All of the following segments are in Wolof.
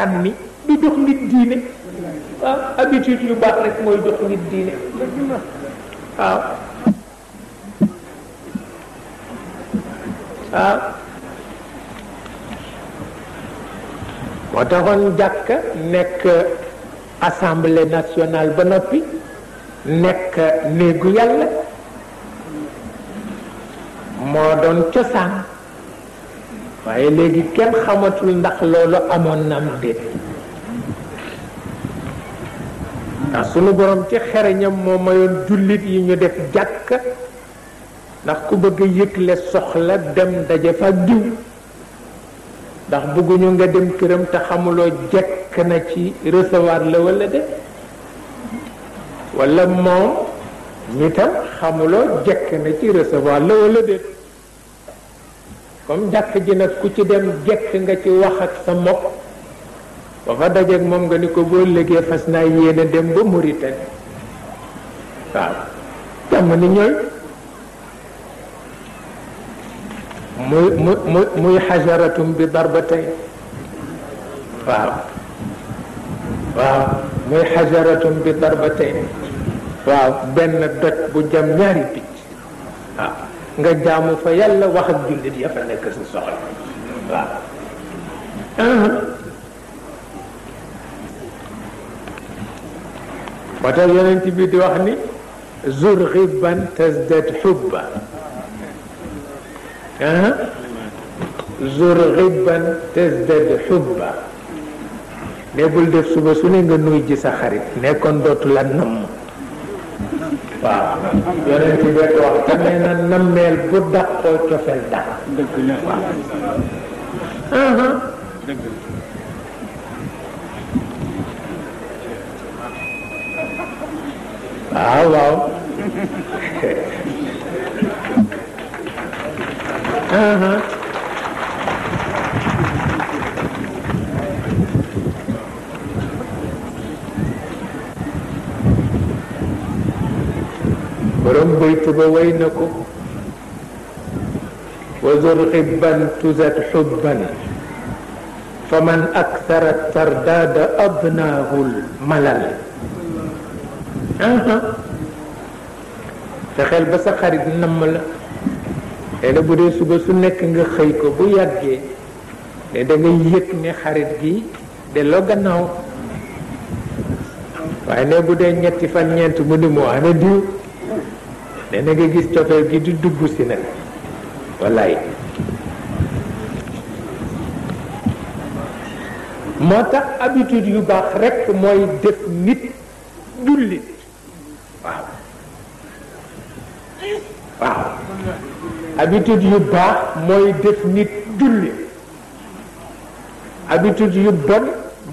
sàmm mi du jox nit diine waaw ah, habitude yu baax rek mooy jox nit diine waaw ah. ah. waaw moo taxoon jàkka nekk assemblée nationale ba noppi nekk néegu yàlla moo doon cosaan waaye léegi kenn xamatul ndax loolu amoon na mu déet ndax sunu borom ci xereñam moo mayoon jullit yi ñu def jàkk ndax ku bëgg le soxla dem daje fa diw ndax bëgguñu nga dem këram te xamuloo jekk na ci recevoir la walla de walla moom ñi xamuloo jekk na ci recevoir la walla comme jàkk ji nag ku ci dem jekk nga ci wax ak sa mbokk ba fa dajeeg moom nga ni ko boo légee fas naa yéene dem ba Mauritanie waaw jàmm ni ñooy muy mu mu muy xajaratum bi darbatay waaw waaw muy xajaratum bi darbatay waaw benn doj bu jam ñaari picc waaw nga jaamu fa yàlla wax ak jullit ya fa nekk sa soxla waaw moo tax yonent bi di wax ni zur xiban tasdat xubba zur bul def suba su ne nga nuy ji sa xarit nekkoon dootu la namm waaw yonent bi ko wax te nee na nammeel bu dàqoo cofeel dàq waaw waaw waaw uh borom baytu ba na ko wa zur xibban tuzat xubban fa man aktara tardaada abnaahul malal fexeel ba sa xarit namm la tey na bu dee suba su nekk nga xëy ko bu yàggee ne da yëg ne xarit gi delloo gannaaw waaye ne bu dee ñetti fan ñeent mu ni moo ana diw ne na nga gis cofeel gi di dugg si nag wallaay moo tax habitude yu baax rekk mooy def nit jullit waaw waaw habitude yu baax mooy def nit jullit habitude yu bon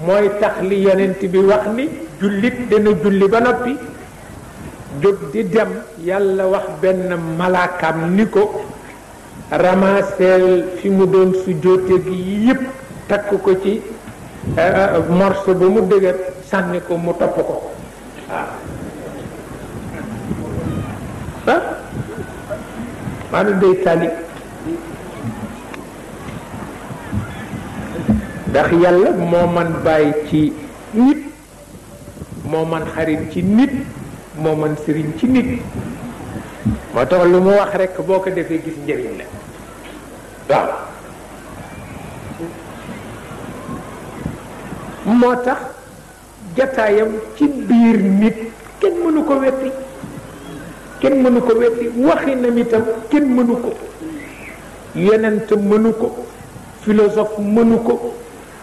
mooy tax li yonent bi wax ni jullit dana julli ba noppi jóg di dem yàlla wax benn malaakam ni ko ramaseel fi mu doon sujjóote gi yépp takk ko ci eh, eh, morceau ba mu dëgër sànni ko mu topp ko waaw ah? maanaam day tali ndax yàlla moo man bàyyi ci nit moo man xarit ci nit moo mën sëriñ ci nit moo tax lu mu wax rekk boo ko defee gis njëriñ la waaw moo tax jataayam ci biir nit kenn mënu ko wetti kenn mënu ko wetti waxinam itam kenn mënu ko yonent mënu ko philosophe mënu ko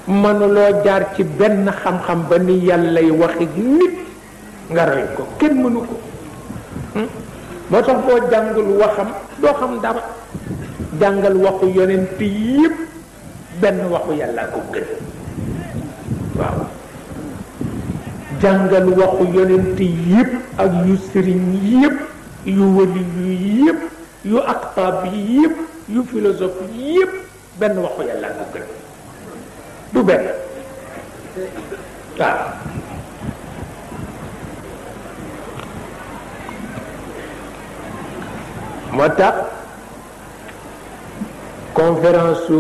mënuloo jaar ci benn xam-xam ba ni yàllay waxi nit nga roy ko kenn mënu ko hmm? moo tax boo jàngul waxam doo xam dara jàngal waxu yonent yëpp benn waxu yàlla ko gën waaw jàngal waxu yonent yëpp ak yu sëriñ yëpp yu wëli yu yëpp yu aktaab yi yëpp yu philosophe yëpp benn waxu yàlla ko gën du benn waaw moo tax conférence su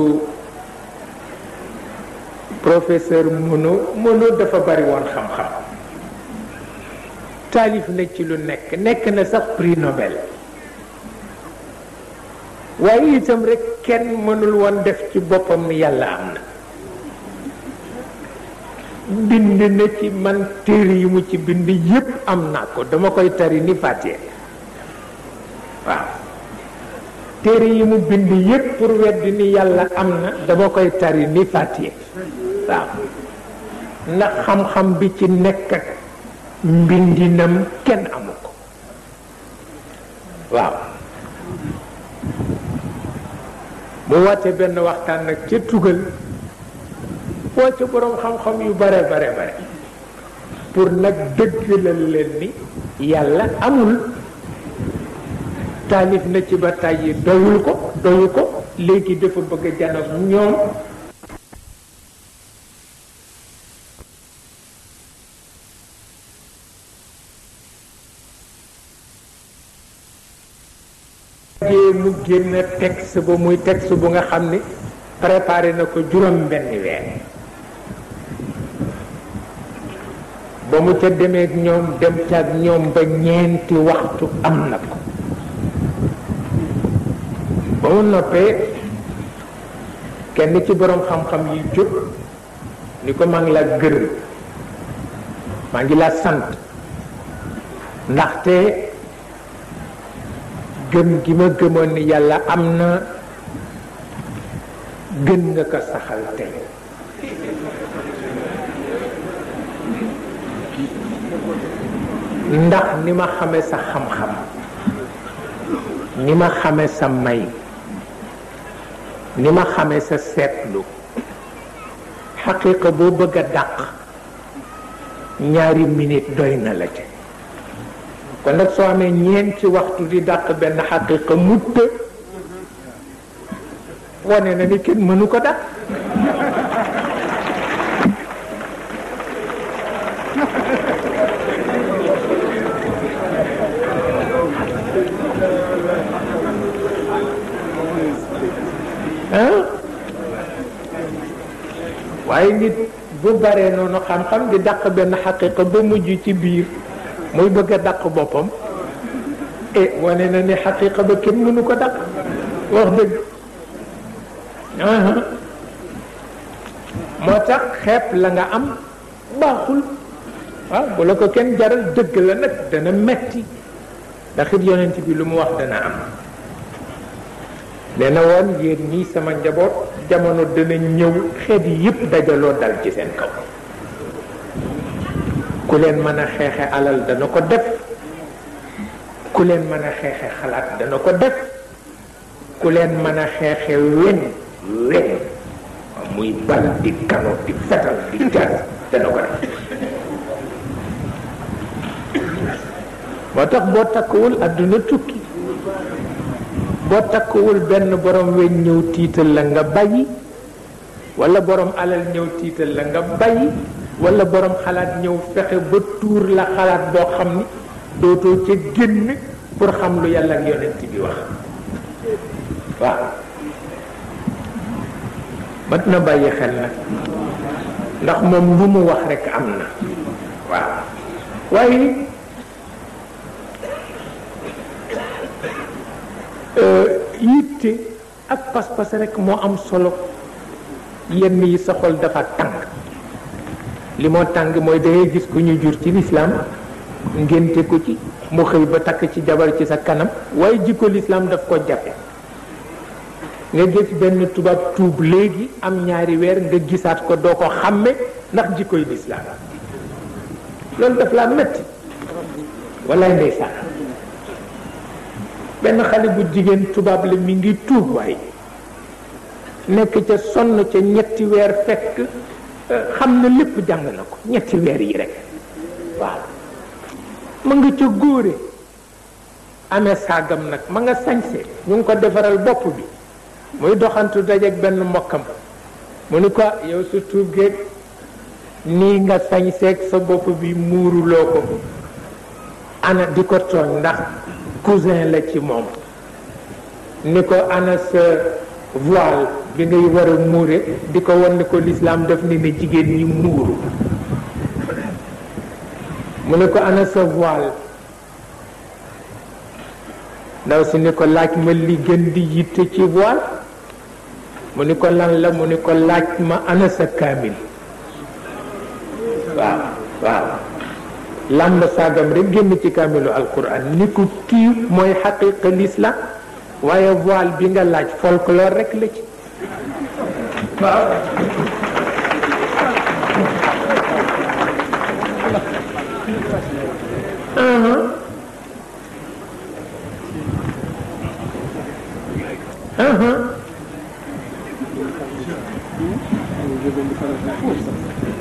professeur Monod Monod dafa bari woon xam-xam taalif na ci lu nekk nekk na sax prix Nobel waaye itam rek kenn mënul woon def ci boppam yàlla am na bind na ci man téere yi mu ci bind yépp am naa ko dama koy tari ni fàttee waaw téere yi mu bind yépp pour weddi ni yàlla am na dama koy tari ni fàttee waaw ndax xam-xam bi ci nekk ak mbindinam kenn amu ko waaw mu wàtte benn waxtaan nag ca tugal woo ca boroom xam-xam yu bare bare bare pour nag dëggalal leen ni yàlla amul taalif na ci ba tàyyi doyul ko doyu ko léegi dafa bëgg a ñoom mu génn texte ba muy texte bu nga xam ni préparé na ko juróom benn weer mu ca demee ak ñoom dem ca ñoom ba ñeenti waxtu am na ko ba mu noppee kenn ci boroom xam-xam yi jóg ni ko maa la gërëm maa ngi la sant ndaxte gëm gi ma gëmoon ni yàlla am na gën nga ko saxal tey ndax ni ma xame sa xam-xam ni ma xame sa may ni ma xamee sa seetlu xaqiqa boo bëgg a dàq ñaari minute doy na la ci kon nag soo amee ñeenti waxtu di dàq benn xaqiqa mutt wane na ni kenn mënu ko dàq waaye nit bu baree noonu xam-xam di dàq benn xaqiqa ba mujj ci biir muy bëgg a daq boppam e wane na ni xaqiqa ba kenn mënu ko dàq wax dëgg uh-huh. moo tax xeeb la nga am baaxul waaw ah, bu la ko kenn jaral dëgg la nag dana metti ndax it yonent bi lu mu wax dana am nee na woon yéen ñii sama njaboot jamono dana ñëw xeet yépp dajaloo dal ci seen kaw ku leen mën a xeexe alal dana ko def ku leen mën a xeexe xalaat dana ko def ku leen mën a xeexe weñ muy bal di kano di fetal di jas dana ko def moo tax boo takkuwul àdduna tukki boo takkuwul benn borom weñ ñëw tiital la nga bàyyi wala borom alal ñëw tiital la nga bàyyi wala borom xalaat ñëw fexe ba tuur la xalaat boo xam ni dootoo ca génn pour xam lu yàlla ak yonent bi wax waaw mat na bàyyi xel nag ndax moom lu mu wax rekk am na waaw Euh, yitte ak pas-pas rek moo am solo yenn yi sa xol dafa tàng li moo tàng mooy da gis ku ñu jur ci lislaam ngénte ko ci mu xëy ba takk ci jabar ci sa kanam waaye jikko lislaam daf ko jàppe nga gis benn tubaab tuub léegi am ñaari weer nga gisaat ko doo ko xàmme ndax jikkoy lislaam loolu daf laa metti walaay ndeysaan benn xale bu jigéen tubaab la mi ngi tuub waay nekk ca sonn ca ñetti weer fekk euh, xam na lépp jàng na ko ñetti weer yi rek waaw ma nga ca góore amee saagam nag ma nga sañse ñu ngi ko defaral bopp bi muy doxantu dajeeg benn mokkam mu ni ko yow su tuub géeg nii nga sañseeg sa bopp bi muuruloo ko ana di ko tooñ ndax cousin la ci moom ni ko ana sa voile bi ngay war muure di ko wan ni ko lislaam daf ni ne jigéen yi muuru mu ne ko ana sa voile ndaw si ni ko laaj ma li gën di yitte ci voile mu ni ko lan la mu ni ko laaj ma ana sa kaamil làmb saagam rek génn ci kaamilu alquran ni ko kii mooy xaqiqa la waaye voile bi nga laaj folklore rek la ci waaw uh-huh. uh-huh.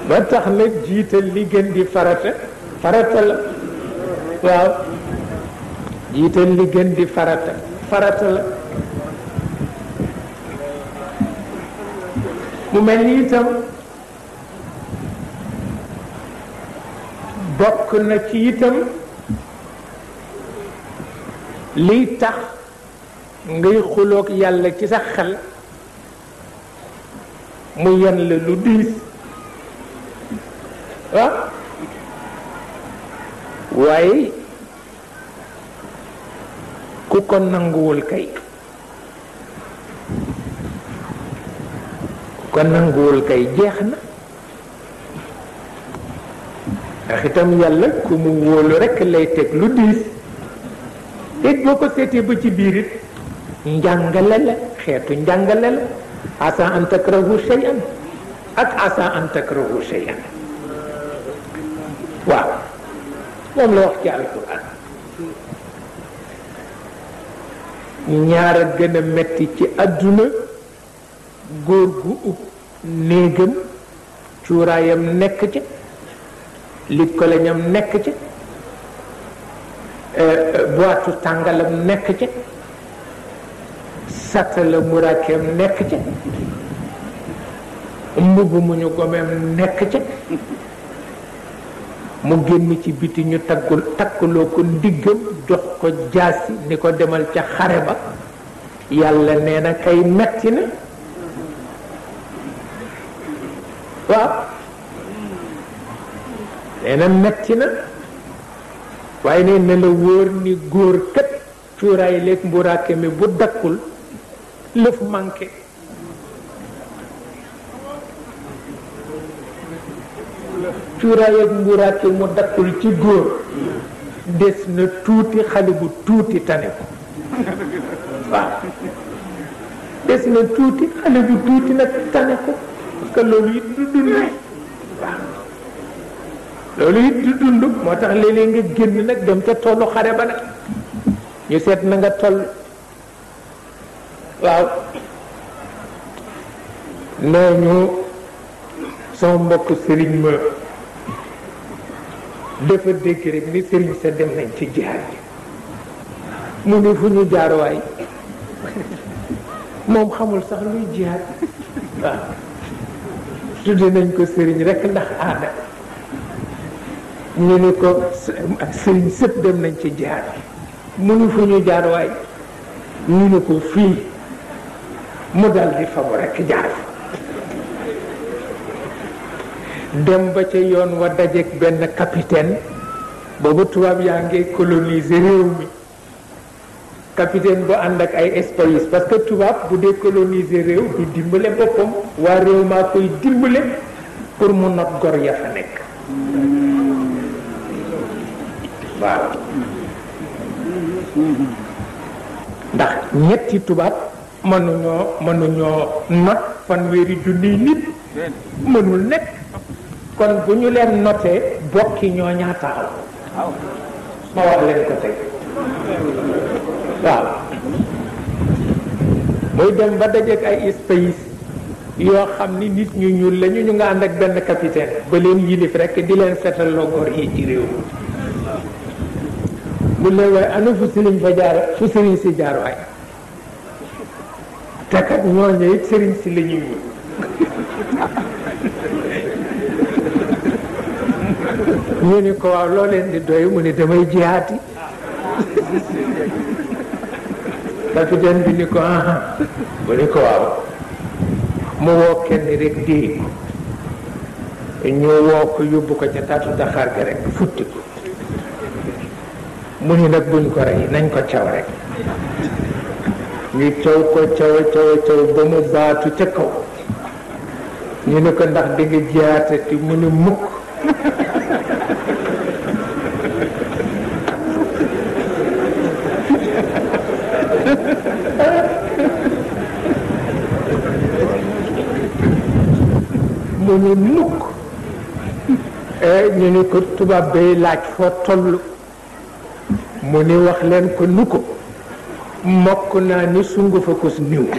ba tax nag jiital li gën di farata farata la waaw jiital li gën di farata farata la mu mel ni itam bokk na ci itam liy tax ngay xuloog yàlla ci sa xel mu yen la lu diis waaw waaye ku ko nanguwul kay ku ko nanguwul kay jeex na ndax itam yàlla ku mu wóolu rekk lay teg lu diis te boo ko seetee ba ci biir it njàngale la xeetu njàngale la asa an takrahu shay'an ak asa an takrahu moom la wax ci alquran ñaar a gën a metti ci àdduna góor gu ub néegam cuuraayam nekk ca lit ko lañam nekk ca euh, euh, boitu tàngalam nekk ca satala muraakeem nekk ca mbubb mu ñu gomeem nekk ca mu génn ci biti ñu taggul takkaloo ko ndiggam jox ko jaasi ni ko demal ca xare ba yàlla nee na kay metti na waaw nee na metti na waaye nee na la wóor ni góor kat cuuraay léeg mburaake bu dakkul lëf manqué cuuraay ak mburaake mu dakkul ci góor des na tuuti xale bu tuuti tane ko des na tuuti xale bu tuuti nag tane ko parce loolu it du dund loolu it du dund moo tax léeg-léeg nga génn nag dem ca tollu xare ba nag ñu seet na nga toll waaw nee ñu sama mbokk sëriñ ma dafa dégg rek ni sëriñ sa dem nañ ci jihaat mu ne fu ñu jaar waay moom xamul sax luy jihaat waaw tudde nañ ko sëriñ rek ndax aada ñu ne ko sëriñ sëpp dem nañ ci jihaat ji mu ne fu ñu jaar waay ñu ne ko fii mu dal di fa mu rek jaar dem ba ca yoon wa dajeek benn capitaine boobu tubaab yaa ngi coloniser réew mi capitaine bu ànd ak ay espagnol parce que tubaab bu dee coloniser réew du dimbale boppam waa réew maa koy dimbale pour mu not gor ya fa nekk ndax ñetti tubaab mënuñoo mënuñoo not fanweeri junniy nit mënul nekk kon bu ñu leen noté bokki ñoo ñaa taxaw ma wax leen ko tey waaw muy dem ba dajeek ay space yoo xam ni nit ñu ñuul lañu ñu nga ànd ak benn capitaine ba leen yilif rekk di leen seetal loo góor yi mu ne waaye ana fu sëriñ fa si jaar waaye te kat ñooñu lañuy ñuul ñu ni ko waaw loo di doy mu ni damay jihaati capitaine bi ni ko aha ah. mu ni ko waaw mu woo kenn rek déey ñu woo ko yóbbu ko ca taatu daxaar ga rek futti ko mu ni nag buñ ko rey nañ ko caw rek ñu caw ko caw caw caw ba mu baatu ca kaw ñu ne ko ndax di nga jiyaatati mu ni mukk mu ne mukk eh, ñu ni ko tubaab bay laaj foo toll mu ni wax leen ko nu ko mokk naa ni sungu fa ko niw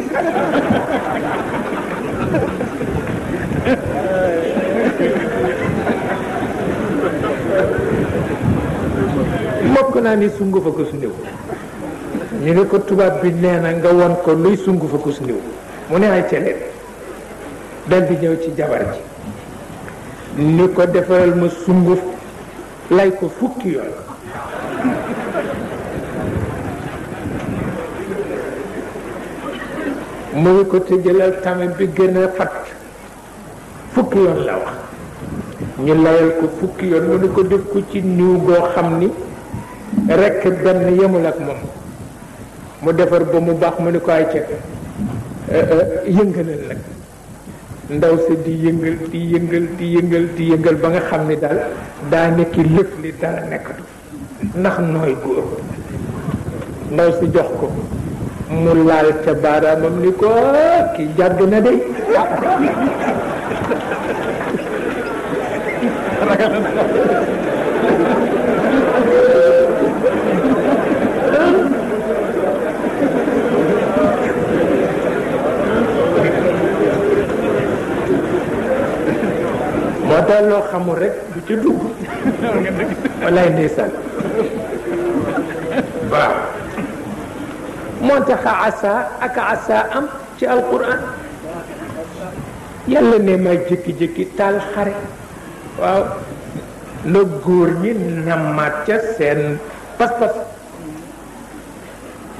naa ni sungu fa ko niw ñu ni ko tubaab bi nee na nga won ko luy sungu fa ko niw mu ne ay celeen dal di ñëw ci jabar ji ni ko defaral ma sunguf lay ko fukki yoon mu ngi ko tëjëlal tame bi gën a fat fukki yoon la wax ñu layal ko fukki yoon mu ni ko def ko ci niw goo xam ni rekk benn yemul ak moom mu defar ba mu baax mu ni ko ay cet eh, eh, yëngalal nag ndaw si di yëngal di yëngal di yëngal di yëngal ba nga xam ni daal daa nekki lëf li dara nekkatu ndax nooy gu ndaw si jox ko mu laal ca baaraamam ni ko ki jàgg na de moo tax loo xamul rek du ci dugg walaay ndeysaan baax moo tax asa ak asa am ci alquran yàlla ne ma jékki-jékki taal xare waaw na góor ñi ñamaat ca seen pas-pas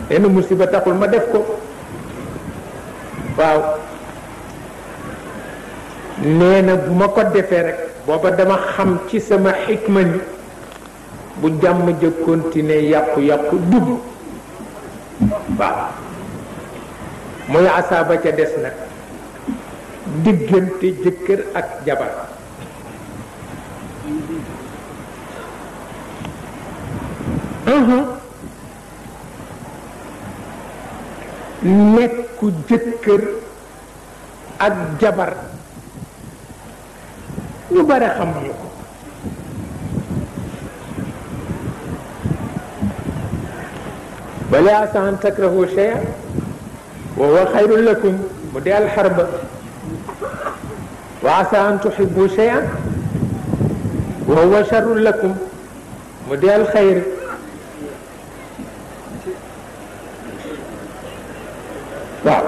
benn musiba taxul ma def ko waaw nee na bu ma ko defee rek booba dama xam ci sama xikma ni bu jàmm ja continuer yàqu-yàqu dugg waaw muy asaaba ca des nag diggante jëkkër ak jabar nekku jëkkër ak jabar ñu bare xamuñu ko wala asa an takrahu shay'an wa huwa xayrun lakum mu dee alxarba wa asa an tuxibu shay'an wa huwa charrun lakum mu dee alxayr waaw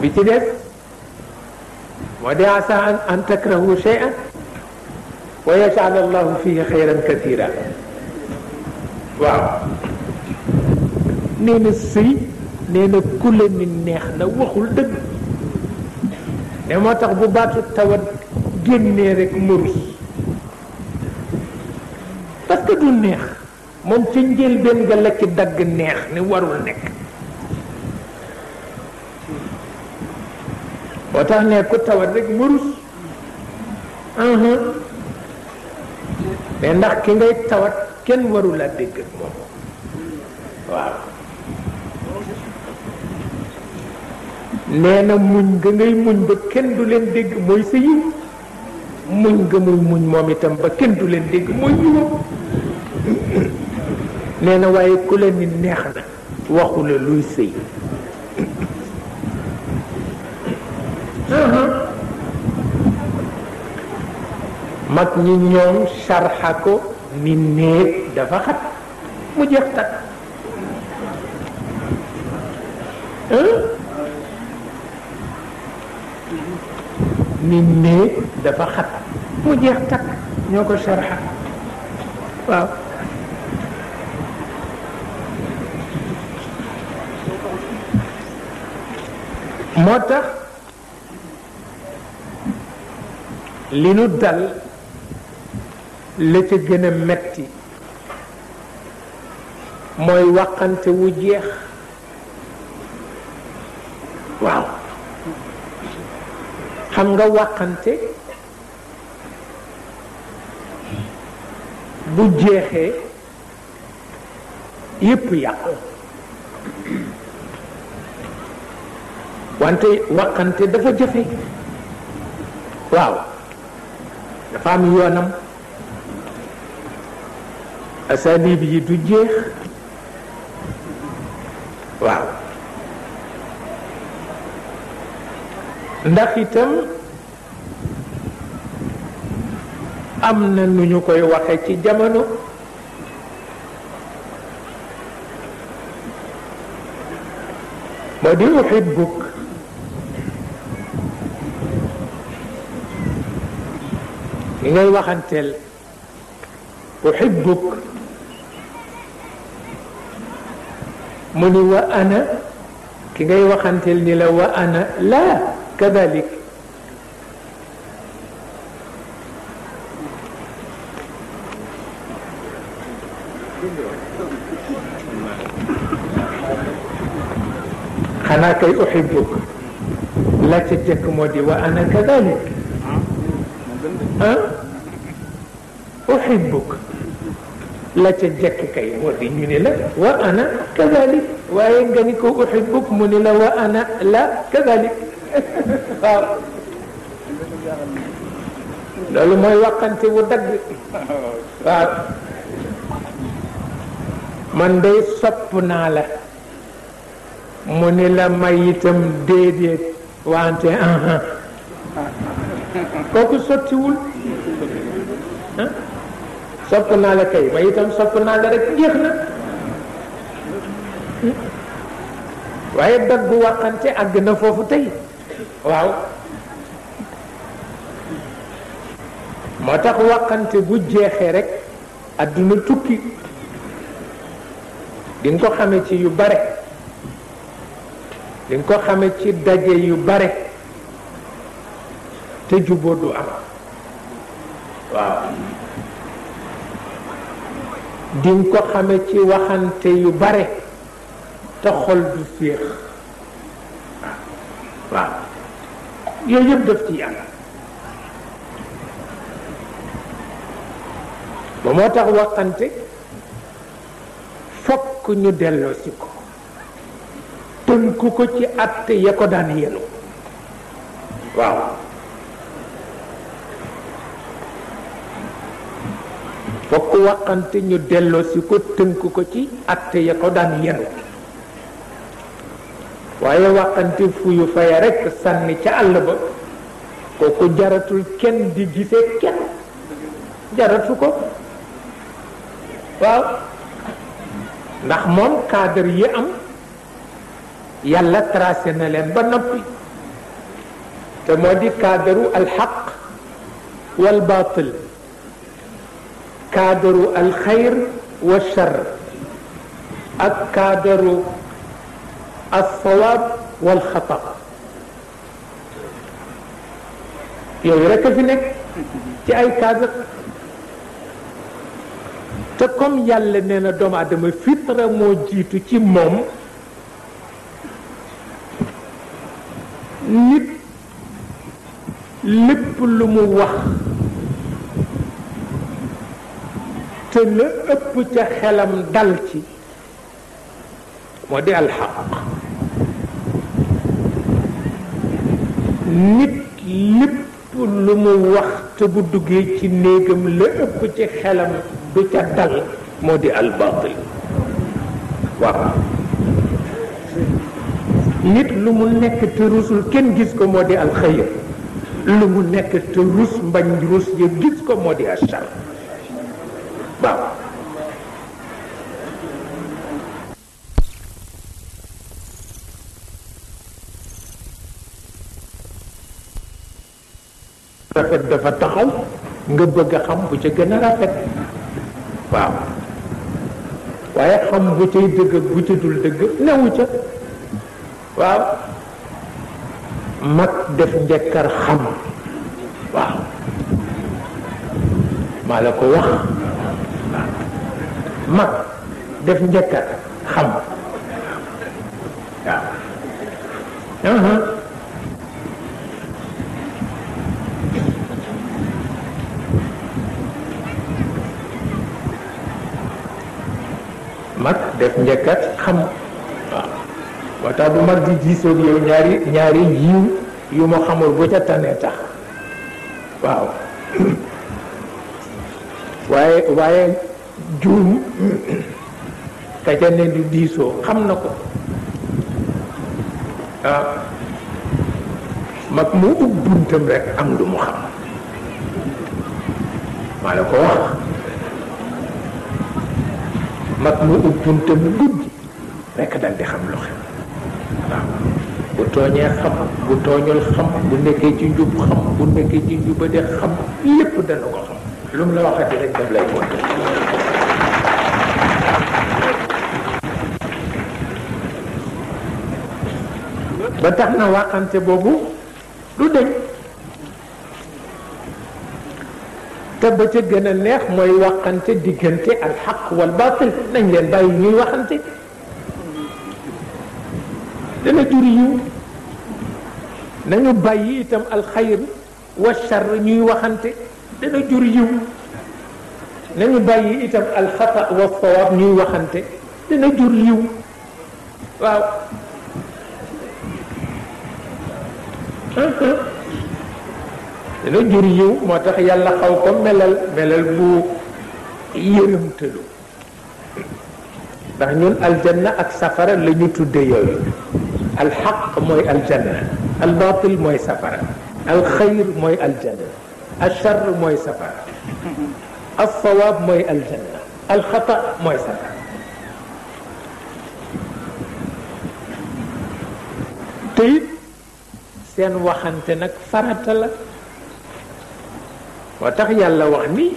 bi ci des وقد عسى أن تكرهوا شيئا ويجعل الله فيه خيرا كثيرا waaw nee na sëy nee na ku la ni neex na waxul dëgg ne moo tax bu baatu tawat génnee rek mu rus parce que du neex moom ca njëlbeen nga la ci dagg neex ni warul nekk tax ne ku tawat rek mu rus ndax ki ngay tawat kenn warula dégg ak moom waaw nee na muñ nga ngay muñ ba kenn du leen dégg mooy sa muñ nga muy muñ moom itam ba kenn du leen dégg mooy yiwam nee na waaye ku la ni neex na waxu la luy sëy mag ñi ñoom sarxa ko mi néeg dafa xat mu jeex takk ni néeg dafa xat mu jeex takk ñoo ko sarxa waaw moo tax li nu dal la ca gën a metti mooy wàqante wu jeex waaw xam nga wàqante bu jeexee yépp yàqu wante wàqante dafa jafe waaw dafa am yoonam asalib yi du jeex waaw am na nu ñu koy waxe ci jamono moo di uhibbuk li ngay waxanteel uhibbuk mu ni wa ana ki ngay waxante ni la wa ana laa kadalik xanaa kay uxibbuk la ca jëkk moo di wa ana kadalik ah, ah uxibbuk la ca jekk kay moo di ñu ni la wa ana kazalik waaye nga ni ko uhibbuk mu ni la wa ana la kazalik waaw loolu mooy waxante wu dagg man day sopp naa la mu ni la may itam déedéet wante aha kooku sottiwul ah sopp naa la kay ba itam sopp naa la rek jeex na waaye dag bu waxante àgg na foofu tey waaw moo tax waxante bu jeexee rekk adduna tukki di nga ko xame ci yu bare di nga ko xame ci daje yu bare te juboo du am waaw dinga ko xame ci waxante yu bare te xol du féex waaw yooyu yëpp def ci yàlla ba moo tax waxante fokk ñu delloo si ko tënku ko ci àtte ya ko daan yenu waaw fokk waxante ñu delloo si ko tënk ko ci atte ya ko daan yenu waaye waxante fuyu faya rekk sànni ca àll ba kooku jaratul kenn di gisee kenn jaratu ko waaw ndax moom cadre yi am yàlla tracé na leen ba noppi te moo di cadre alxaq wal baatil cadre alxayr wa char ak cadre alsawaab walxata yooyu rek a fi nekk ci ay cadre te comme yàlla nee na doomu aadama fitra moo jiitu ci moom nit lépp lu mu wax te la ëpp ca xelam dal ci moo di alxaq nit lépp lu mu wax te bu duggee ci néegam la ëpp ci xelam du ca dal moo di albaatil waaw nit lu mu nekk te rusul kenn gis ko moo di alxayr lu mu nekk te rus mbañ rus ya gis ko moo di achar dafa taxaw nga bëgg xam bu ca gën a rafet waaw waaye xam bu cay dëgg bu ca dul dëgg newu ca waaw mag def njëkkar xam waaw maa la ko wax mag def njëkkar xam waaw mag def njëkkat xam waaw moo tax bu mag di diisoog yow ñaari ñaari yiw yu ma xamul bu ca tane tax waaw waaye waaye juum ka ca diisoo xam na ko waaw ah. mag mu ub buntam rek am lu mu xam maa la ko wax mag mu ub mu gudd rekk dal di xam lu xew waaw bu tooñee xam bu tooñul xam bu nekkee ci njub xam bu nekkee ci njuba de xam lépp dana ko xam lu mu la waxati rek daf lay boole ba tax na waxante boobu du deñ te ba ca gën a neex mooy waxante diggante al xaq wal baatil nañ leen bàyyi ñuy waxante dana jur yiw nañu bàyyi itam alxayr wa char ñuy waxante dana jur yiw nañu bàyyi itam alxata wa sawaab ñuy waxante dana jur yiw waaw dana jur yiw moo tax yàlla xaw ko melal melal bu yërëmtalu ndax ñun aljanna ak safara la ñu tudde yooyu alxaq mooy aljanna albatil mooy safara alxayr mooy aljanna alchar mooy safara alsawaab mooy aljanna alxata mooy safara te seen waxante nag farata moo tax yàlla wax ni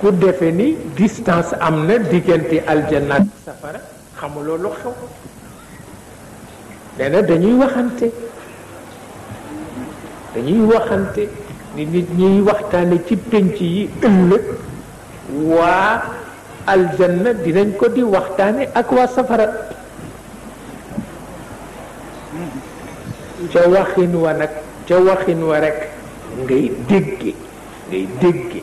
ku defe ni distance am na diggante aljanna ak safara xamuloo lu xew nee dañuy waxante dañuy waxante ni nit ñuy waxtaane ci pénc yi ëllëg waa aljanna dinañ ko di waxtaane ak waa safara ca waxin wa nag ca waxin wa rekk ngay dégge ngay dégge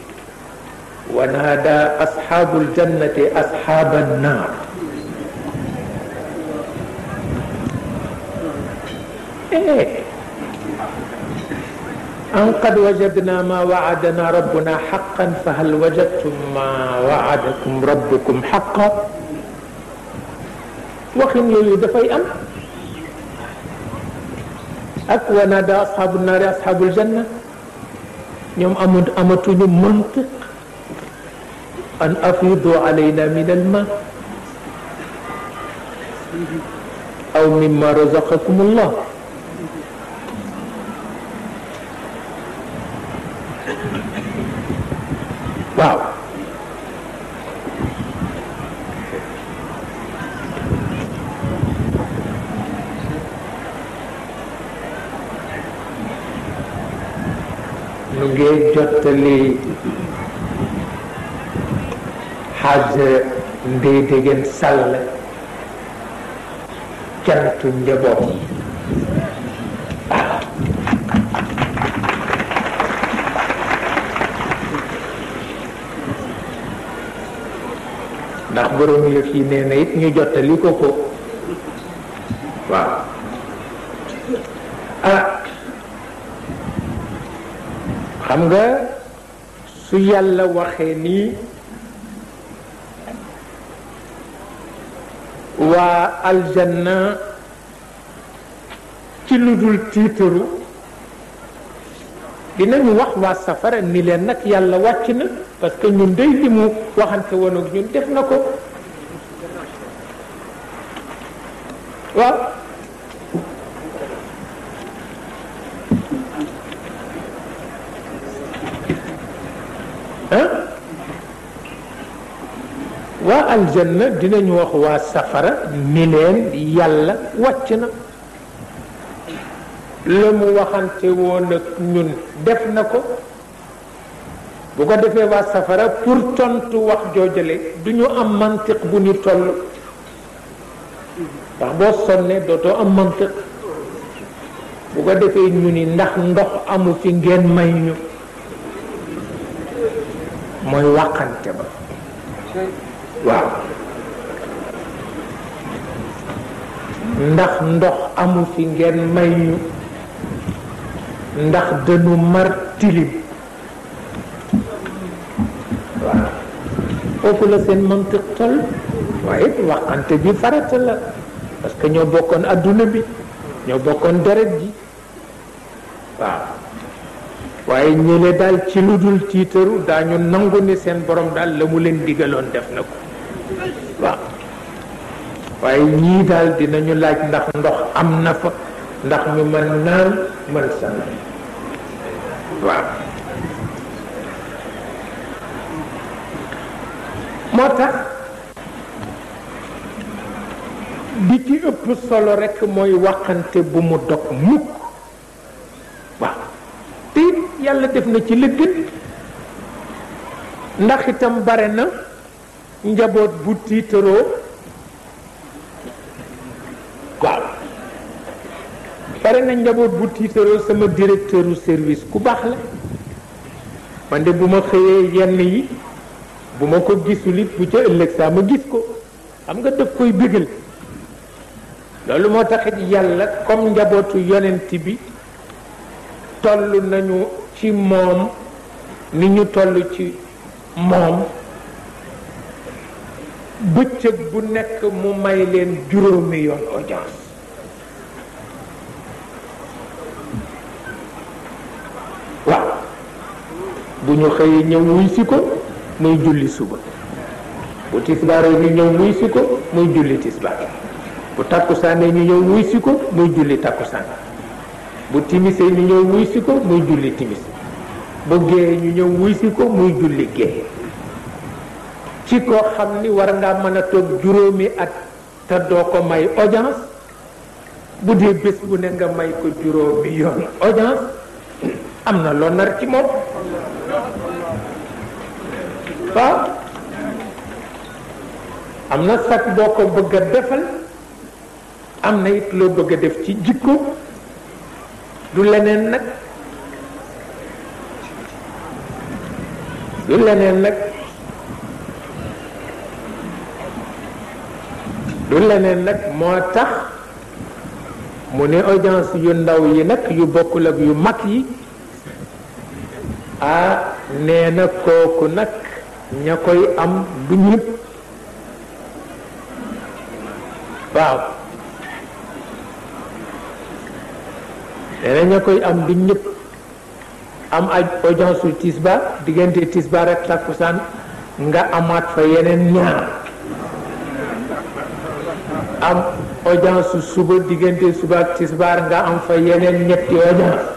wa naada asxaabul jannati asxaaban naar eh. an qad wajadna ma waadana rabbuna xaqan fa hal wajadtum ma waadakum rabbukum xaqa waxin yooyu dafay am ak wa naada asxaabul naari asxaabul janna ñoom amatu amatuñu mëntiq an afidu alayna min alma aw mimma razaqakum allah waaw nu ngee jottali xaaj ndey déggan sàll cantu njaboot waaw ndax borom yëf yi nee na it ñu jottali ko ko xam nga su yàlla waxee nii waa aljanna ci lu dul tiitaru dinañu wax waa safara ni leen nag yàlla wàcc na parce que ñun day li mu waxante woon ak ñun def na ko waa aljanna dinañu wax waa safara ni leen yàlla wàcc na la mu waxante woon ak ñun def na ko bu ko defee waa safara pour tontu wax joojale du ñu am mantiq bu ñu toll ndax boo sonnee dootoo am mantiq bu ko defee ñu ndax ndox amu fi ngeen may ñu mooy waxante ba waaw ndax ndox amu fi ngeen may ñu ndax dënu mar tilim waaw foofu la seen mantiq toll waaye waxante bi farata la parce que ñoo bokkoon àdduna bi ñoo bokkoon deret ji waaw waaye ñële daal ci lu dul tiitaru daañu nangu ni seen borom daal la mu leen digaloon def na ko waaye ñii daal dinañu laaj ndax ndox am na fa ndax ñu mën naan mën sanaan waaw moo tax di ci ëpp solo rekk mooy waxante bu mu dog mukk waaw te yàlla def na ci lëggët ndax itam bare na njaboot bu tiitaroo waaw bare na njaboot bu tiitaroo sama directeur u service ku baax la man de bu ma xëyee yenn yi bu ma ko gisul it bu ca ëllëg saa ma gis ko xam nga daf koy bégal loolu moo taxit yàlla comme njabootu yonent bi toll nañu ci moom ni ñu toll ci moom bëccëg bu nekk mu may leen juróomi yoon audience waaw bu ñu xëyee ñëw wuy si ko muy julli suba bu tisbaaree ñu ñëw wuy si ko muy julli tisbaar bu takkusaanee ñu ñëw wuy ko muy julli takkusaan bu timisee ñu ñëw wuy ko muy julli timis bu géeyee ñu ñëw wuy ko muy julli géeye ci koo xam ni war ngaa mën a toog juróomi at te doo ko may audience bu dee bés bu ne nga may ko juróomi yoon audience am na loo nar ci moom waaw am na sax boo ko bëgg a defal am na it loo bëgg a def ci jikko du leneen nag du leneen nag du leneen nag moo tax mu ne audience yu ndaw yi nag yu bokkul ak yu mag yi ah nee na kooku nag ña koy am du ñëpp waaw nee ña koy am du ñëpp am aj audience yu tisbaar diggante tisbaar ak takkusaan nga amaat fa yeneen ñaar am audience suba diggante suba ak tisbaar nga am fa yeneen ñetti audience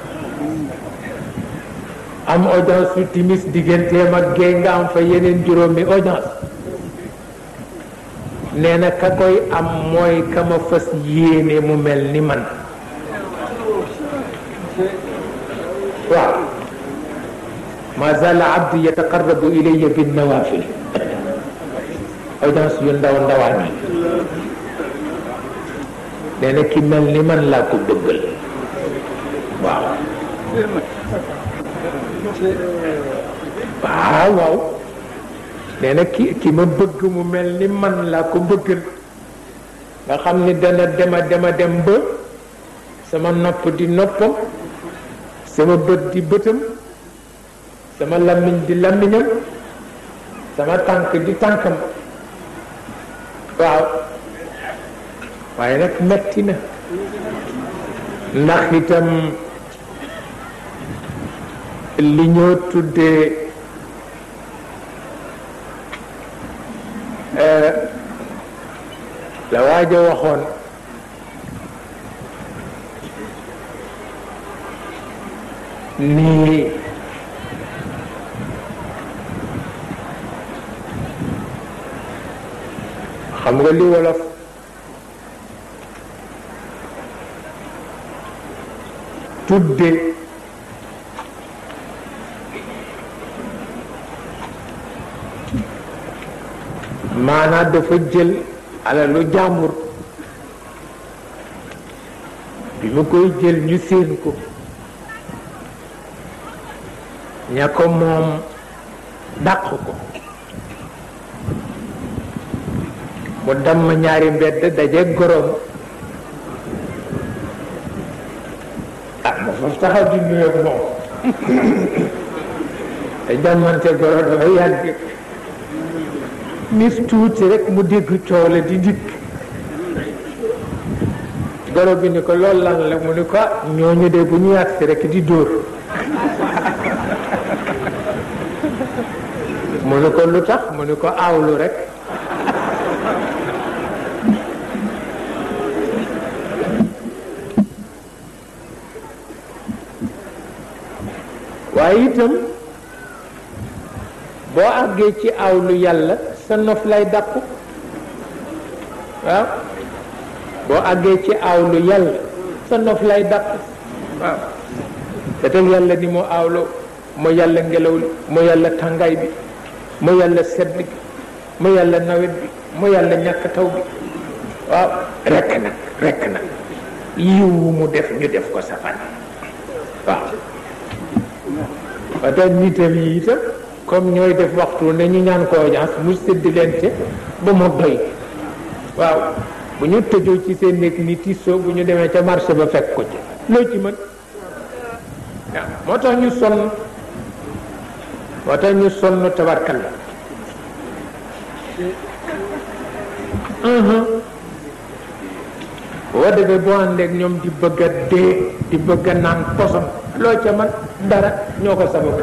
am audience su timis digganteem ak géey nga am fa yeneen juróomi audience nee na ka koy am mooy ka fas yéene mu mel ni man waaw ma zala abdi yataqarrabu ilayya bin nawafil audience yu ndaw ndawaan yi nee na ki mel ni man laa ko bëggal waaw waaw waaw nee na ki ki ma bëgg mu mel ni man laa ko bëggal nga xam ni dana dema dema dem ba sama nopp di noppam sama bët di bëtam sama làmmiñ di làmmiñam sama tànk di tànkam waaw waaye nag metti na ndax itam li ñoo tuddee eh, la waaja waxoon nii xam nga li tudde maanaam dafa jël alalu jàmbur bi mu koy jël ñu séen ko ña ko moom dàq ko mu damm ñaari mbedd daje gorom ah moom taxaw di nuyoog moom jàmmante goro dafa yàgg nis tuuti rek mu dégg coow la di dikk goro bi ni ko lool lan la mu ni ko ah, ñooñu de bu ñu yàgg si rek di dóor mu ni ko lu tax mu ni ko awlu rek waaye itam boo àggee ci awlu yàlla sa nof lay dàpp waaw boo àggee ci awlu yàlla sa nof lay dàpp waaw seetal yàlla ni moo aawloo moo yàlla ngelaw li moo yàlla tàngaay bi moo yàlla sedd bi moo yàlla nawet bi moo yàlla ñàkk taw bi waaw rekk nag rekk nag yiwu mu def ñu def ko safan ba tax nitam yi itam comme ñooy def waxtu ne ñu ñaan ko audience mu sëdd leente ba mu doy waaw bu ñu tëjoo ci seen néeg ni tiisoo bu ñu demee ca marché ba fekk ko ci loo ci mën moo tax ñu sonn moo tax ñu sonn tabarkal la uh-huh. boo defee boo àndeek ñoom di bëgg a dee di bëgg naan poson loo ca man dara ñoo ko sababu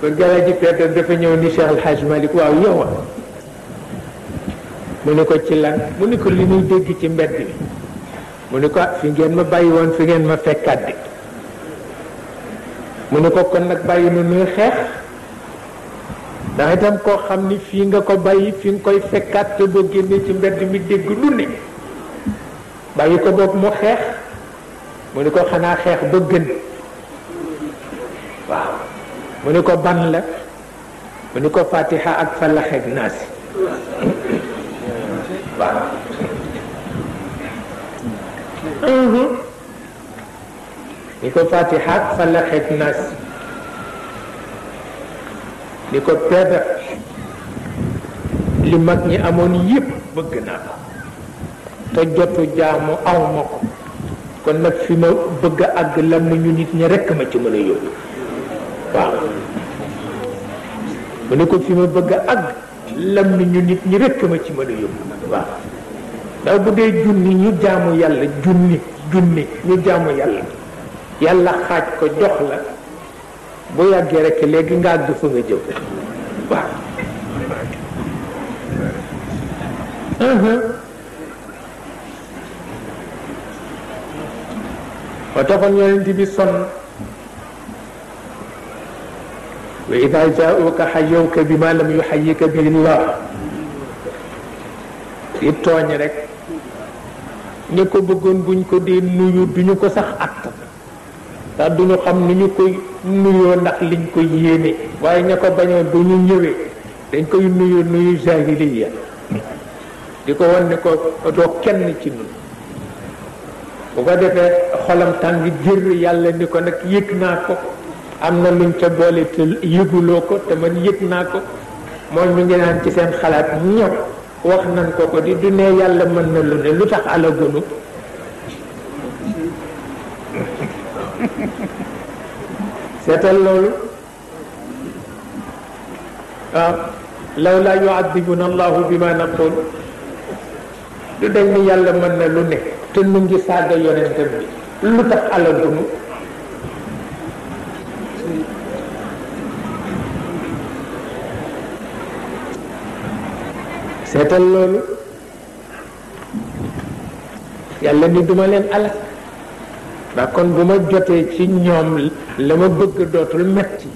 ba gala ji Peter dafa ñëw ni Cheikh El Hadj waaw yow mu ne ko ci lan mu ne ko li muy dégg ci mbedd bi mu ni ko ah, fi ngeen ma bàyyi woon fi ngeen ma fekkaat de mu ni ko kon nag bàyyi nu nuy xeex ndax itam koo xam ni fii nga ko bàyyi fi nga koy fekkaat te doo ci mbedd mi dégg lu ne bàyyi ko boobu mu xeex mu ni ko xanaa xeex ba gën waaw mu ni ko ban la mu ni ko fatiha ak falax naasi Mm-hmm. ni ko fatiha ak nas ni ko peeda li mag ñi amoon yépp bëgg naa ko te jotu jaamu aw ma ko kon nag fi ma bëgg a àgg lam ñu nit ñi rekk ma ci mën yóbbu waaw mu ko fi ma bëgg a àgg lam ñu nit ñi rekk ma ci mën a yóbbu waaw ndax bu dee junni ñu jaamu yàlla junni junni ñu jaamu yàlla yàlla xaaj ko jox la bu yàggee rek léegi nga àgg fa nga jëm waaw wa uh-huh. taxoon yonent bi sonn wa ida jaauka xayawka bi ma bi llah di tooñ rek ña ko bëggoon buñ ko dee nuyu duñu ko sax att ndax duñu xam nu ñu koy nuyoo ndax liñ ko yéene waaye ña ko bañoon bu ñu ñëwee dañ koy nuyu nuyu jahiliya di ko wan ne ko doo kenn ci nun bu ko defee xolam tàng jër yàlla ni ko nag yëg naa ko am na luñ ca boole te yëguloo ko te man yëg naa ko mooy mi ngi naan ci seen xalaat ñëw wax nan ko ko di du ne yàlla mën na lu ne lu tax alagunu seetal loolu waaw ah, law laa yuadibuna allahu bi ma naqul du dañ ne yàlla mën na lu ne te nu ngi saaga yonentam bi lu tax alagunu seetal loolu yàlla ni duma leen alal ndax kon bu ma jotee ci ñoom la ma bëgg dootul metti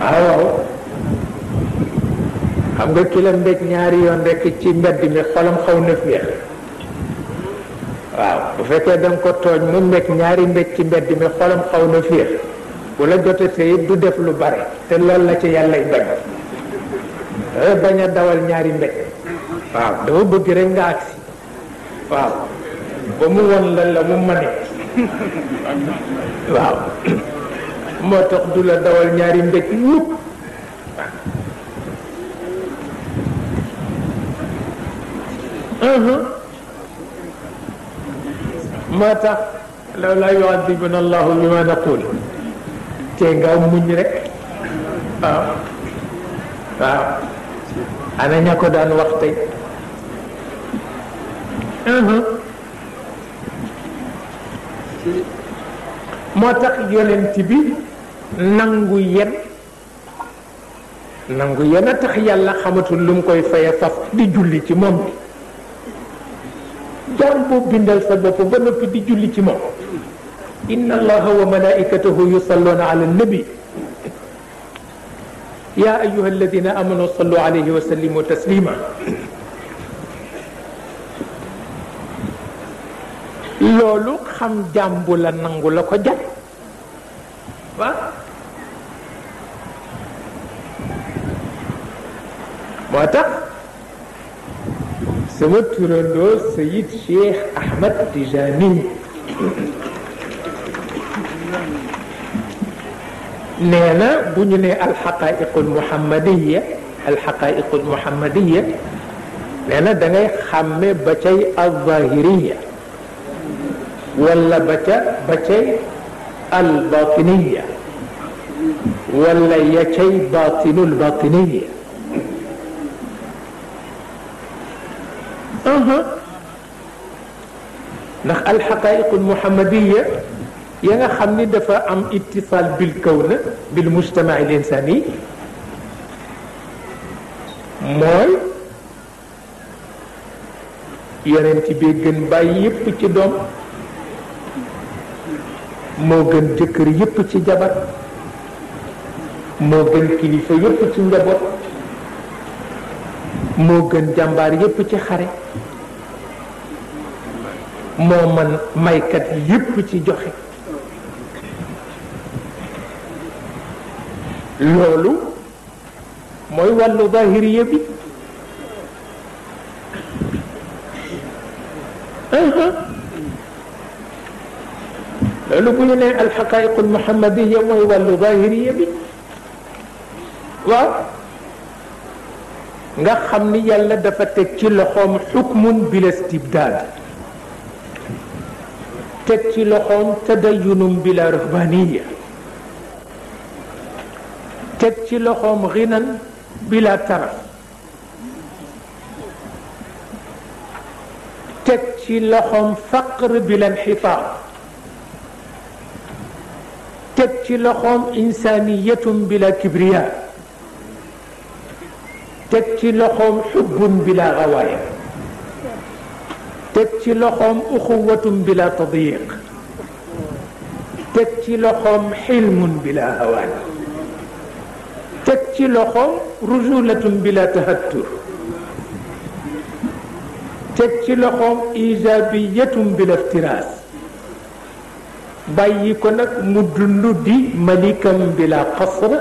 waaw xam nga ki la ñaari yoon rekk ci mbedd mi xolam xaw na féex waaw bu fekkee danga ko tooñ mu mbéj ñaari mbéj ci mbedd mi xolam xaw na féex bu la jotatee it du def lu bare te loolu la ci yàllay bañ dafay eh, dawal ñaari mbéte waaw dafa bëgg rek nga agsi waaw ba mu won la la mu mane waaw moo tax du la dawal ñaari mbéte mukk uh-huh. moo tax law laa yuadibuna allahu bi ma naqul cee nga muñ rek waaw waaw ana ko daan wax tey uh-huh. moo tax yonent bi nangu yen nangu yen a tax yàlla xamatul lu mu koy faye faf di julli ci moom bi jaam boo bindal sa bopp ba noppi di julli ci moom inna allaha wa malaikatahu yusalluna ala nabi ya ayuha alladina amanu sallu alayhi wa sallimu taslima loolu xam jàmbu la nangu la ko jar waaw moo tax sama turandoo Sayid Cheikh Ahmad Tijani nee na bu ñu nee alxaqaiqul muhammadiya alxaqaiqul muhammadiya nee na da ngay xàmme ba cay alzahiriya wala ba ca ba cay albatiniya wala ya cay batinul batiniya ndax alxaqaiqul muhammadiya ya nga xam ni dafa am ittisaal bil kawn bil mujtama il insani mooy yonent bi gën bàyyi yépp ci doom moo gën jëkkër yépp ci jabar moo gën kilifa yépp ci njaboot moo gën jàmbaar yépp ci xare moo man maykat yépp ci joxe loolu mooy wàllu zahiriya bi loolu bu ñu nee alxaqaiqu almuhammadiya mooy wàllu zahiriya bi waaw nga xam ni yàlla dafa teg ci loxoom xukmun bil istibdaad teg ci loxoom tadayunum bila rahbaniya teg ci loxoom rinan bila taraf teg ci loxoom faqr bila nxitaar teg ci loxoom insaniyatun bila kibriya teg ci loxoom xubbun bila rawaaya teg ci loxoom uxuwatun bila tadiyiq teg ci loxoom xilmun bila hawaan ci loxo rujulatum bila tahattur teg ci loxoom ijabiyatum bila iftiraas bàyyi ko nag mu dund di malikam bila qasr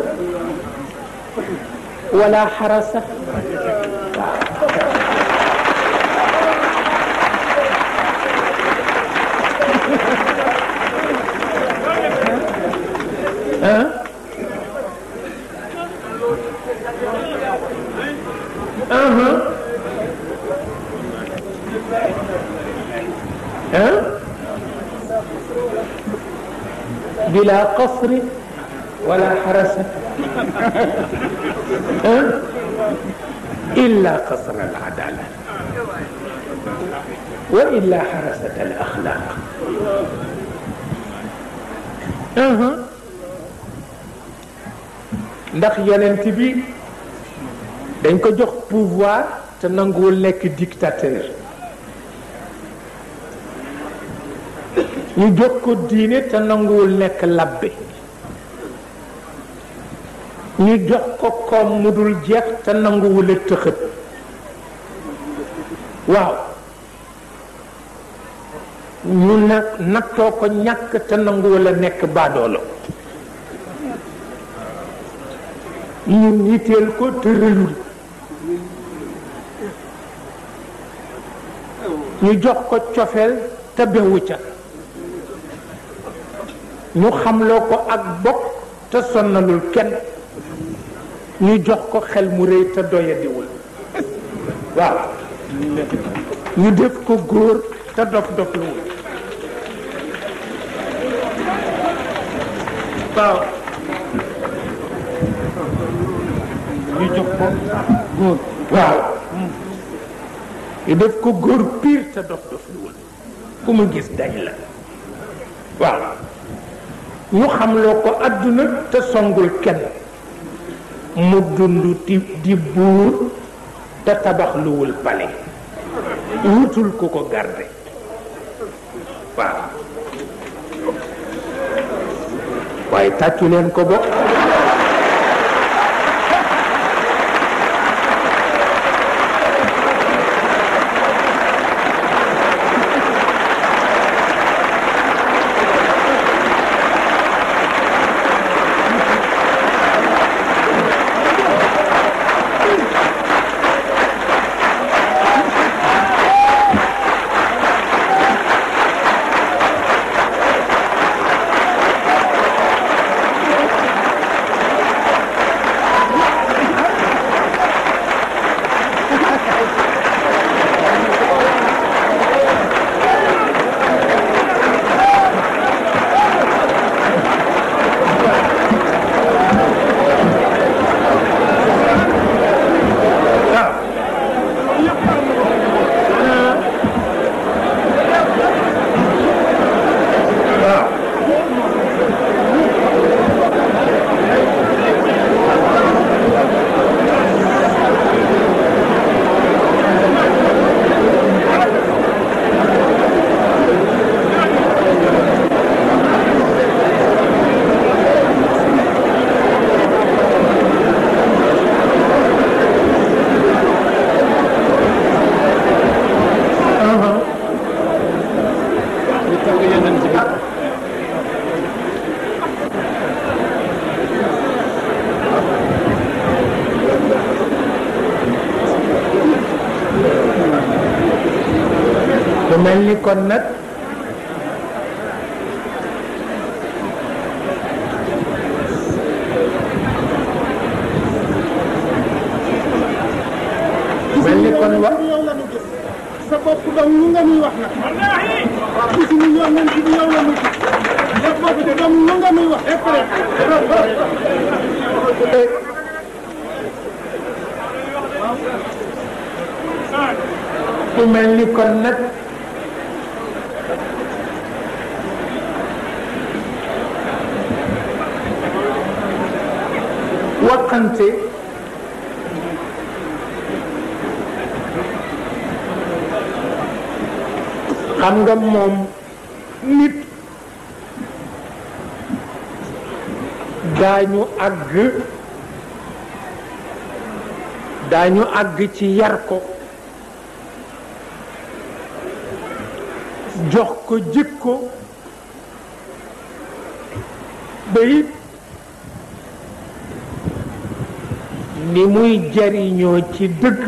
wala xarasa بلا قصر ولا حرسة إلا قصر العدالة وإلا حرسة الأخلاق ndax yonent bi dañ ko jox pouvoir te nanguwul nekk dictateur ñu jox ko diine te nanguwul nekk labbe ñu jox ko kom mu dul jeex te nanguwul a tëxët waaw ñu nag nattoo ko ñàkk te nanguwul a nekk baadoolo ñu niteel ko te rëyul ñu jox ko cofeel te bewu ca ñu xamloo ko ak bokk te sonnalul kenn ñu jox ko xel mu rëy te doyadiwul waaw ñu def ko góor te dof dofluwul jox ko góor waaw ñu def ko góor pire te dof dofluwul ku mu gis dañ la waaw ñu xamloo ko àdduna te songul kenn mu dund di di buur te tabaxluwul pale wutul ku ko garde waaw waaye tàccu leen ko bokk kon nag itam moom nit daañu àgg daañu àgg ci yar ko jox ko jikko ko it ni muy jariñoo ci dëgg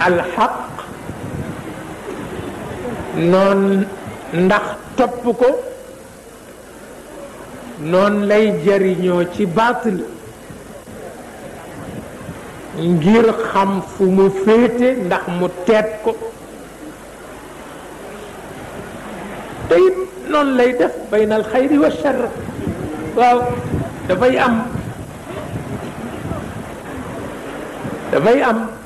alxaq noon ndax topp ko noon lay jariñoo ci baatil ngir xam fu mu féete ndax mu teet ko te it lay def baynal xayri wa charr waaw dafay am dafay am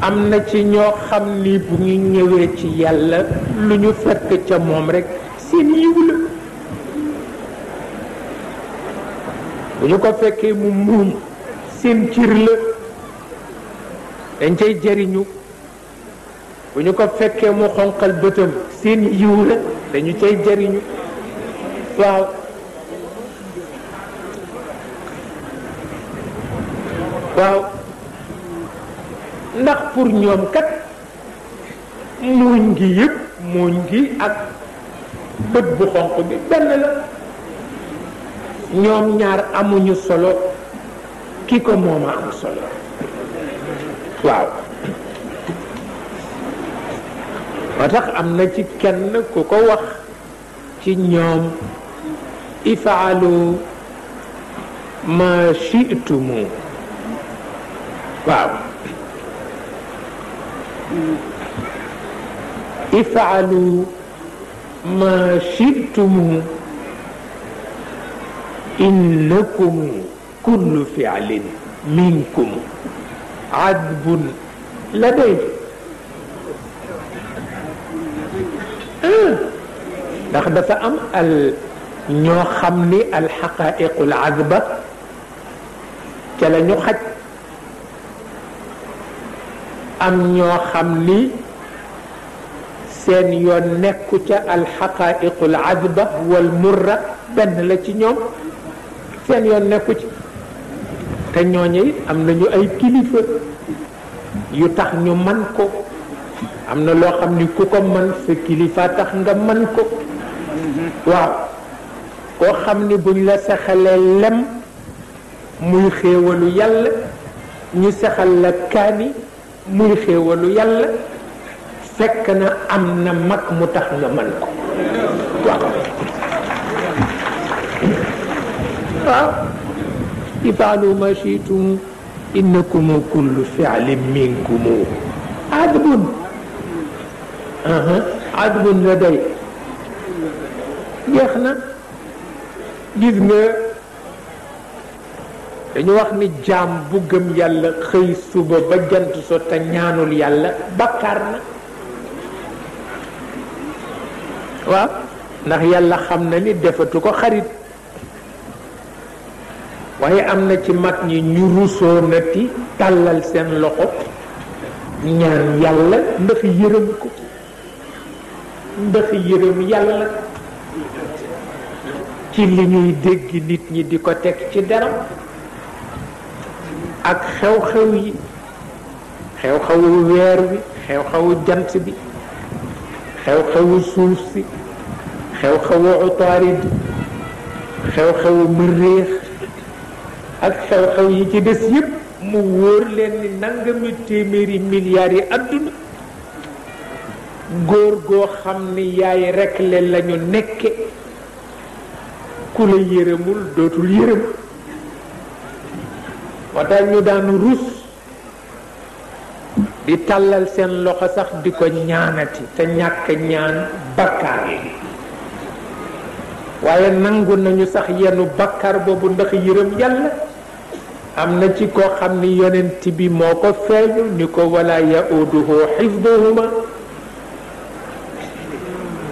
am na ci ñoo xam ni bu ñu ñëwee ci yàlla lu ñu fekk ca moom rekk seen yiw la bu ñu ko fekkee mu muuñ seen cir la dañ cay jariñu bu ñu ko fekkee mu xonqal bëtam seen yiw la dañu cay jëriñu waaw waaw ndax pour ñoom kat muuñ gi yëpp muuñ gi ak bët bu xonq bi benn la ñoom ñaar amuñu solo ki ko mooma am solo waaw moo tax am na ci kenn ku ko wax ci ñoom ifaalu ma shi'tumu waaw ifaalu ma shittum innakum kullu fialin minkum adbun ladayhi ndax dafa am al ñoo xam ni alxaqaiqul azba ca la ñu xaj am ñoo xam ni seen yoon nekku ca alxaqaiqul adba wal murra benn la ci ñoom seen yoon nekku ci te ñooñu am nañu ay kilifa yu tax ñu man ko am na loo xam ni ku ko man sa kilifa tax nga man ko waaw koo xam ni buñ la saxalee lem muy xéewalu yàlla ñu saxal la kaani muy xéewalu yàlla fekk na am na mag mu tax nga mën ko waaw waaw ifaalu ma shiitum innakum kullu fi'lin minkum adbun adbun la day jeex na gis nga dañu wax ni jaam bu gëm yàlla xëy suba ba jant so te ñaanul yàlla bakkaar na waaw ndax yàlla xam na ni defatu ko xarit waaye am na ci mag ñi ñu rusoo na ti tàllal seen loxo ñaan yàlla ndax yërëm ko ndax yërëm yàlla ci li ñuy dégg nit ñi di ko teg ci dara ak xew-xew yi xew-xewu weer wi xew-xewu jant bi xew-xewu suuf si xew-xewu utaarid xew-xewu mëréex ak xew-xew yi ci des yépp mu wóor leen ni nangami téeméeri milliards yi àdduna góor goo xam ni yaay rekk leen lañu nekke ku la yërëmul dootul yërëm moo tax ñu daan rus di tàllal seen loxo sax di ko ñaanati te ñàkk ñaan bakkaar waaye nangu nañu sax yenu bakkaar boobu ndax yërëm yàlla am na ci koo xam ni yonent bi moo ko feeñu ni ko wala yauduhu xifduhuma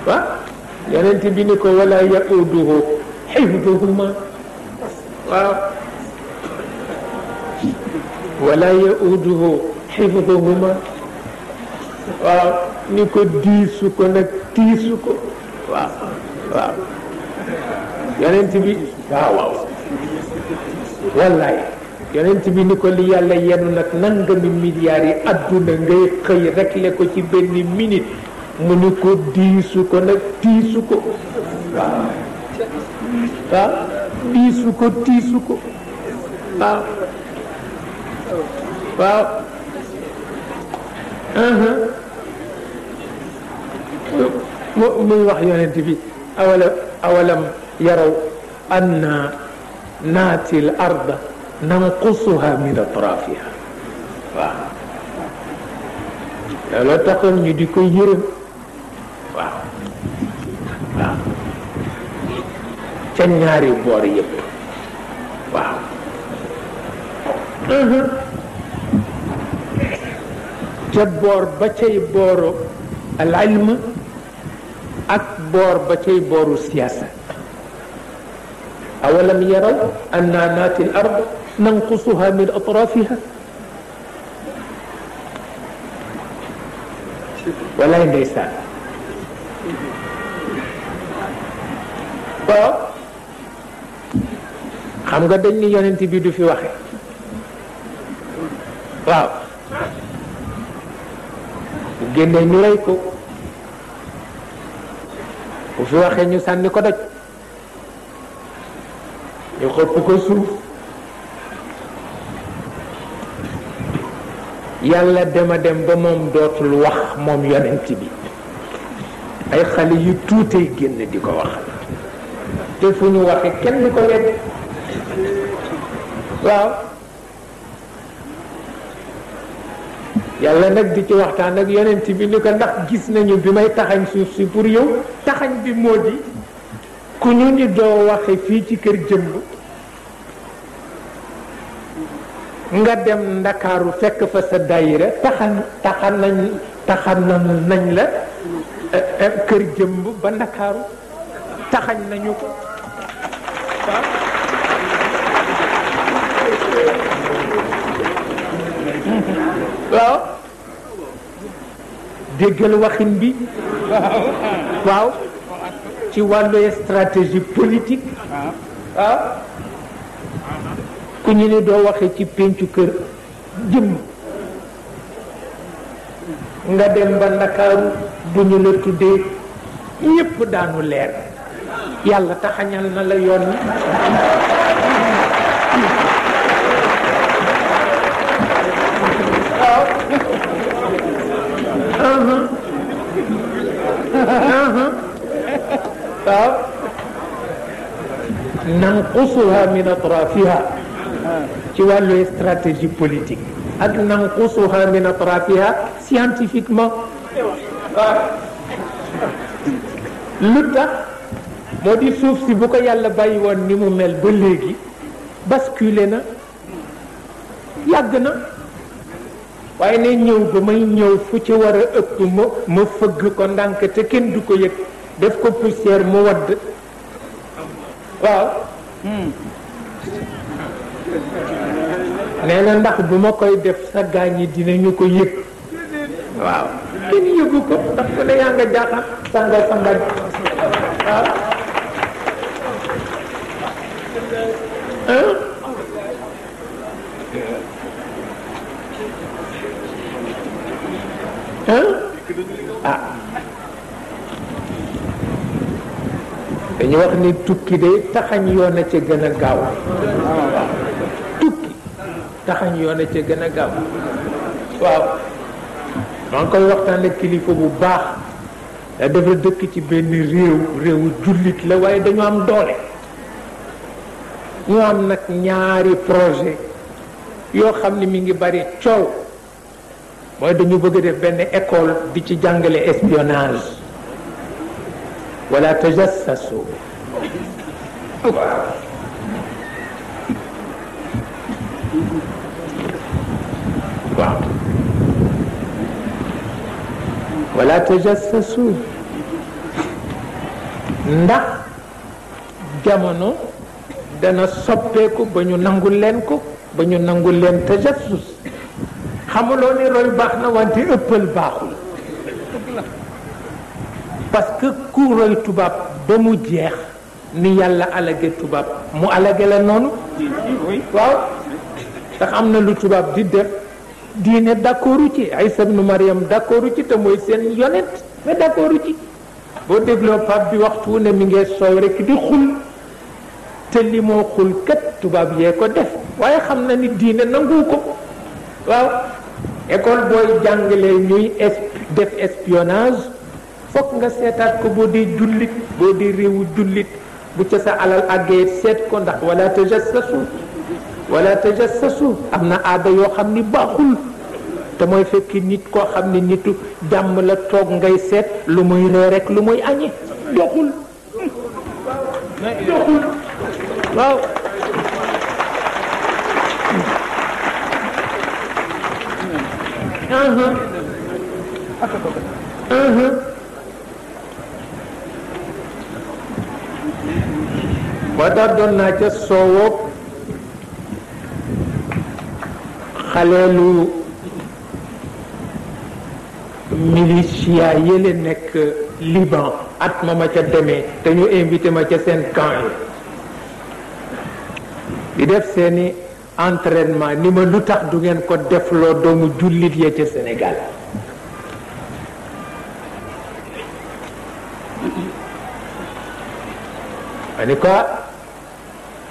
wa yonent bi ni ko wala yauduhu xifduhuma waaw wala yauduhu xifduhuma waaw ni ko diisu ko nag tiisu ko waaw waaw yonent bi waaw waaw wallaay yonent bi ni ko li yàlla yenu nag nangami milliards yi adduna ngay xëy rekle ko ci benn minute mu ni ko diisu ko nag tiisu ko waaw waaw diisu ko tiisu ko waaw waaw uh-huh. mu muy wax yonent bi awala awalam yaraw anna naati l arda nanqusuha min atrafiha waaw looloo taxoon ñu di ko yërëm waaw waaw ca ñaari boor yëpp waaw te uh-huh. boor ba cay booru al ilm ak boor ba cay booru siyaasa am yaraw anna naati al ard nanqusuha min atrafiha walaay ndeysaan waaw xam nga dañ ni yonent bi du fi wax waaw bu génnee ñu rey ko bu fi waxee ñu sànni ko doj ñu xëpp ko suuf yàlla dema dem ba moom dootul wax moom yonent bi ay xale yu tuutee génn di ko wax te fu ñu waxee kenn du ko wedd waaw yàlla nag di ci waxtaan ak yonent bi ni ko ndax gis nañu bi may taxañ suuf si pour yow taxañ bi moo di ku ñu ni doo waxe fii ci kër jëmm nga dem ndakaaru fekk fa sa dayira taxan taxan nañ taxan nañ la eh, eh, kër jëmb ba ndakaaru taxañ nañu ko waaw déggal waxin bi waaw ci wàllu stratégie politique waaw ku ñu ne doo waxee ci péncu kër jëmm nga dem ba ndakaaru bu ñu la tuddee yépp daanu leer yàlla taxañal na la yoon waaw nanqusuha min atrafiha ci wàllu stratégie politique ak nanqusuha min atrafiha scientifiquement lu suuf si bu ko yàlla bàyyi woon ni mu mel ba léegi basculé na waaye ne ñëw ba ñëw fu ci wara ëpp ma ma fëgg ko ndànk te kenn du ko yëg def ko poussière mu wadd waaw hmm. nee na ndax bu ma koy def sa gaañ yi dinañu ko yëg waaw kenn yëgu ko ndax ku yaa nga jaaxal sanga sanga waaw ah dañu wax ni tukki day taxañ yoon a ca gën a gaaw tukki taxañ yoon a ca gën a gaaw waaw maa ngi koy waxtaane kilifa bu baax da dafa dëkk ci benn réew réewu jullit la waaye dañu am doole ñu am nag ñaari projet yoo xam ni mi ngi bari coow mooy dañu bëgg def benn école bi ci jàngale espionnage wala tajassasu waaw waaw wala tajassasu ndax jamono dana soppeeku ba ñu nangul leen ko ba ñu nangul leen tajassus xamuloo ni roy baax na wante ëppal baaxul parce que ku roy tubaab ba mu jeex ni yàlla alage tubaab mu alage la noonu waaw ndax am na lu tubaab di def diine d'accordu ci ay ibnu Mariam d'accordu ci te mooy seen yonent mais d'accordu ci boo dégloo pape bi waxtu wu ne mi ngee soow rek di xul te li moo xul kat tubaab yee ko def waaye xam na ni diine nangu ko waaw école booy jàngale ñuy def espionnage fokk nga seetaat ko boo dee jullit boo dee réewu jullit bu ca sa alal àggee seet ko ndax wala tajassasu wala tajassasu am na aada yoo xam ni baaxul te mooy fekk nit koo xam ni nitu jàmm la toog ngay seet lu muy ree rek lu muy añe doxul doxul waaw ba doon naa ca soowoog xaleelu militia yële nekk Liban at ma ma ca demee te ñu invité ma ca seen camp yi di def seeni entrainement ni ma lu tax du ngeen ko defloo doomu jullit ya ca Sénégal ma ni ko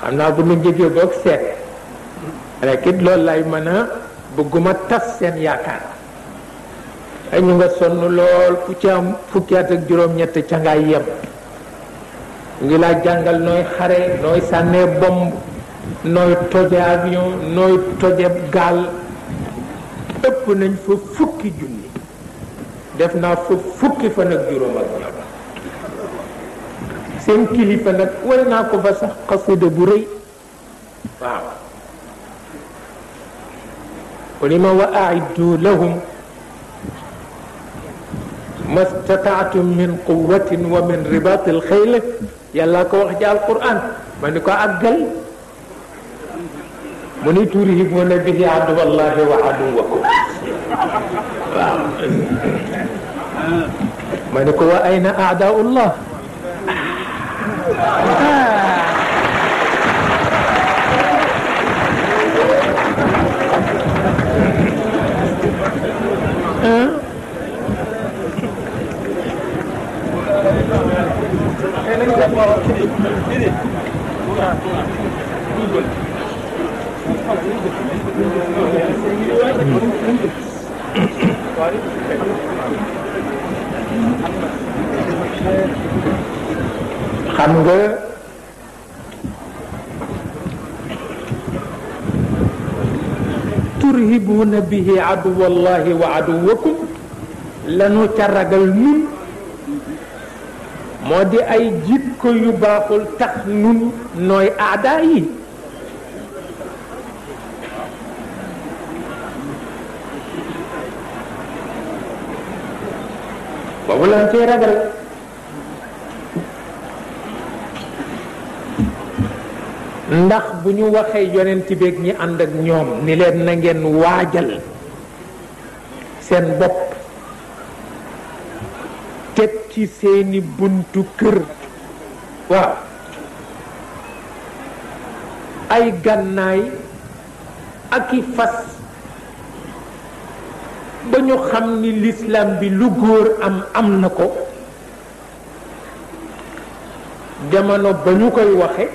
xam naa bu nu njëgee boog seet rek it lay mën a bëgguma tas seen yaakaar ay ñu nga sonn lool ku ci am fukki at ak juróom-ñett ca ngay yem ngi laa jàngal nooy xare nooy sànnee bomb nooy toje avion nooy toje gaal ëpp nañ fa fukki junni def naa fa fukki fan ak juróom ak ñoom seen kilifa nag way naa ko fa sax xasida bu rëy waaw woni ma wa aiddu lahum ma stataatum min ko wax ci mu ni turhibuuna bihi aduwwallahi wa aduwwakum waaw ma ne ko wa ayna a'daa'ullah xam nga turhibuuna bihi aduwallahi wa aduwakum lanu ca ragal moo di ay jikko yu baaxul tax nun nooy aadaa yi boobu ndax bu ñu waxee yonent beeg ñi ànd ak ñoom ni leen na ngeen waajal seen bopp teg ci seeni buntu kër waaw ay gànnaay aki fas ba ñu xam ni lislaam bi lu góor am am na ko jamono ba ñu koy waxe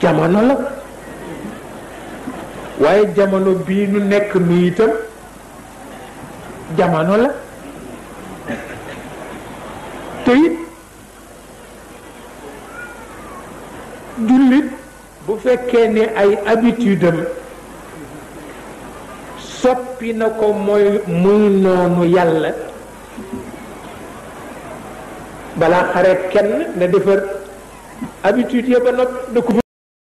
jamono la waaye jamono bii nu nekk nii itam jamono la te it jullit bu fekkee ni ay habitude am soppi na ko mooy muy noonu yàlla balaa xareet kenn na defar habitude ya ba nopp da ko